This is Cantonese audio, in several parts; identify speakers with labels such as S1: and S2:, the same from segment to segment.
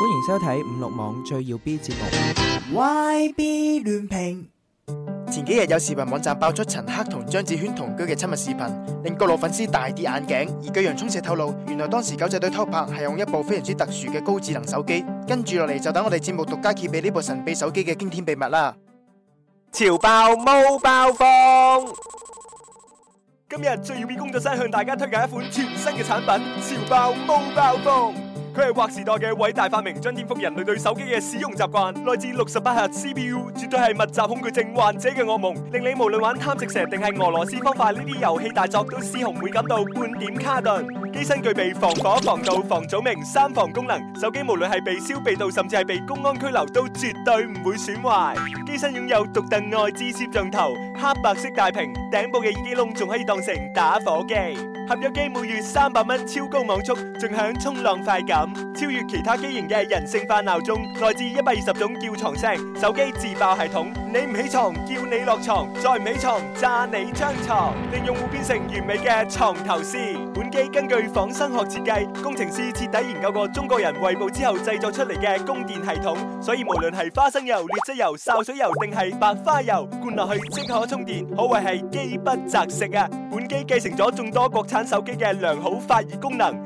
S1: 歡迎收睇《五六網最耀 B 節目》Y B 亂評。前幾日有視頻網站爆出陳赫同張子萱同居嘅親密視頻，令各路粉絲大跌眼鏡。而據楊聰社透露，原來當時狗仔隊偷拍係用一部非常之特殊嘅高智能手機。跟住落嚟，就等我哋節目獨家揭秘呢部神秘手機嘅驚天秘密啦！潮爆 mobile
S2: phone，今日最耀 B 工作室向大家推介一款全新嘅產品——潮爆 mobile phone。佢係劃時代嘅偉大發明，將顛覆人類對手機嘅使用習慣。內置六十八核 CPU，絕對係密集恐懼症患者嘅噩夢。令你無論玩貪食蛇定係俄羅斯方塊呢啲遊戲大作，都絲毫唔會感到半點卡頓。機身具備防火、防盜、防早明、三防功能，手機無論係被燒、被盜，甚至係被公安拘留，都絕對唔會損壞。機身擁有獨特外置攝像頭、黑白色大屏，頂部嘅耳機窿仲可以當成打火機。合約機每月三百蚊超高網速，盡享衝浪快感。超越其他機型嘅人性化鬧鐘，內置一百二十種叫床聲，手機自爆系統。起唔起床，叫你落床；再唔起床，炸你張床。令用戶變成完美嘅床頭師。本機根據仿生學設計，工程師徹底研究過中國人胃部之後製作出嚟嘅供電系統，所以無論係花生油、劣質油、潲水油定係白花油灌落去即可充電，可謂係機不擇食啊！本機繼承咗眾多國產手機嘅良好發熱功能。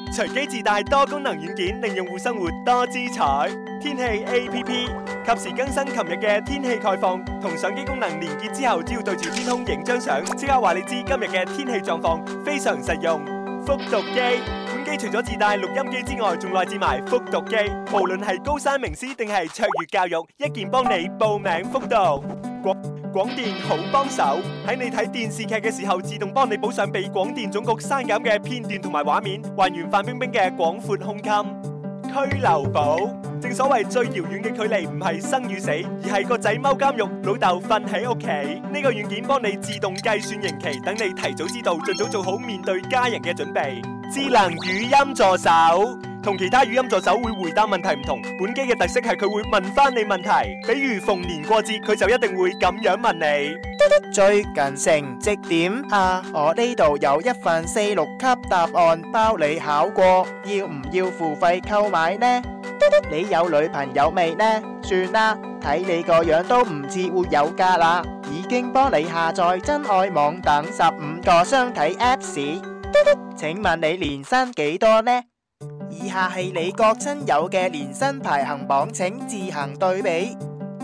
S2: 隨機自帶多功能軟件，令用戶生活多姿彩。天氣 APP 及時更新琴日嘅天氣概況，同相機功能連結之後，只要對住天空影張相，即刻話你知今日嘅天氣狀況，非常實用。複讀機，本機除咗自帶錄音機之外，仲內置埋複讀機，無論係高山名師定係卓越教育，一鍵幫你報名復讀。廣電好幫手，喺你睇電視劇嘅時候，自動幫你補上被廣電總局刪減嘅片段同埋畫面，還原范冰冰嘅廣闊胸襟。拘留寶，正所謂最遙遠嘅距離唔係生與死，而係個仔踎監獄，老豆瞓喺屋企。呢個軟件幫你自動計算刑期，等你提早知道，盡早做好面對家人嘅準備。智能語音助手。同其他語音助手會回答問題唔同，本機嘅特色係佢會問翻你問題，比如逢年過節佢就一定會咁樣問你。嘟嘟，最近成績點啊？我呢度有一份四六級
S1: 答案包你考過，要唔要付費購買呢？嘟嘟，你有女朋友未呢？算啦，睇你個樣都唔似活有家啦，已經幫你下載珍愛網等十五個相睇 Apps。嘟嘟，請問你年薪幾多呢？以下係你各親友嘅年薪排行榜，請自行對比。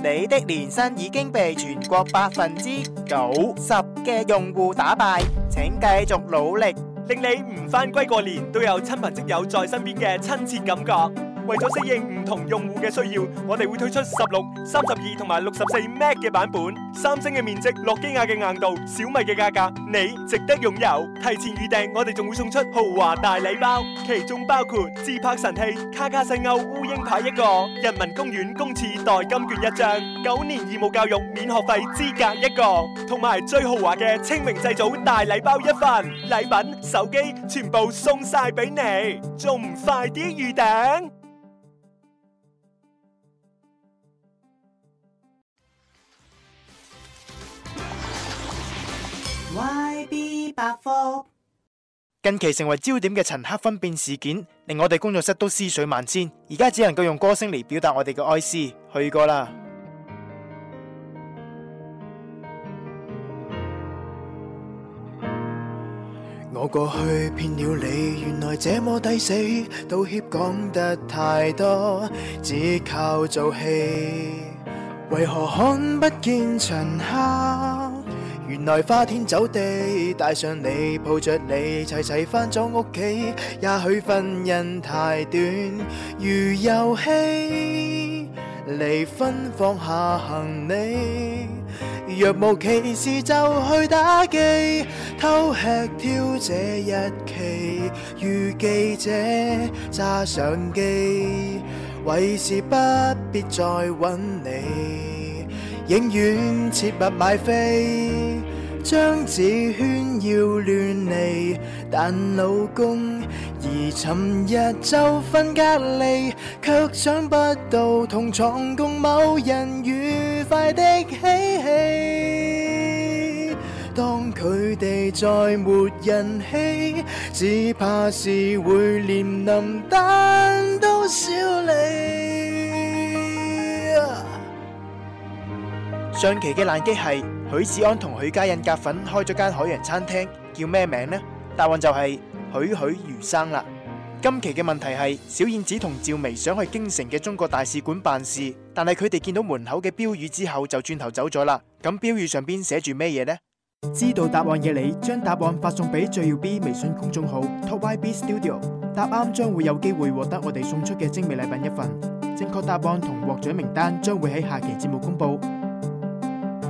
S1: 你的年薪已經被全國百分之
S2: 九十嘅用戶打敗，請繼續努力，令你唔返歸過年都有親朋戚友在身邊嘅親切感覺。為咗適應唔同用戶嘅需要，我哋會推出十六、三十二同埋六十四 Mac 嘅版本。三星嘅面積，諾基亞嘅硬度，小米嘅價格，你值得擁有。提前預訂，我哋仲會送出豪華大禮包，其中包括自拍神器、卡卡西歐、烏蠅牌一個、人民公園公廁代金券一張、九年義務教育免學費資格一個，同埋最豪華嘅清明祭祖大禮包一份。禮品、手機全部送晒俾你，仲唔快啲預訂？
S1: 近期成為焦點嘅陳赫分辨事件，令我哋工作室都思緒萬千。而家只能夠用歌聲嚟表達我哋嘅哀思。去過啦。我過去騙了你，原來這麼抵死，道歉講得太多，只靠做戲，為何看不見陳赫？原來花天酒地，帶上你抱着你，齊齊翻咗屋企。也許婚姻太短如遊戲，離婚放下行李，若無其事就去打機，偷吃挑這日期，如記者揸相機，為事不必再揾你。影院切勿買飛，張子萱要亂嚟，但老公而尋日就瞓隔離，卻想不到同床共某人愉快的嬉戲。當佢哋再沒人氣，只怕是會連林丹都少理。上期嘅爛機係許志安同許家印夾粉開咗間海洋餐廳，叫咩名呢？答案就係栩栩如生啦。今期嘅問題係小燕子同趙薇想去京城嘅中國大使館辦事，但係佢哋見到門口嘅標語之後就轉頭走咗啦。咁標語上邊寫住咩嘢呢？知道答案嘅你，將答案發送俾最耀 B 微信公眾號 Top YB Studio，答啱將會有機會獲得我哋送出嘅精美禮品一份。正確答案同獲獎名單將會喺下期節目公布。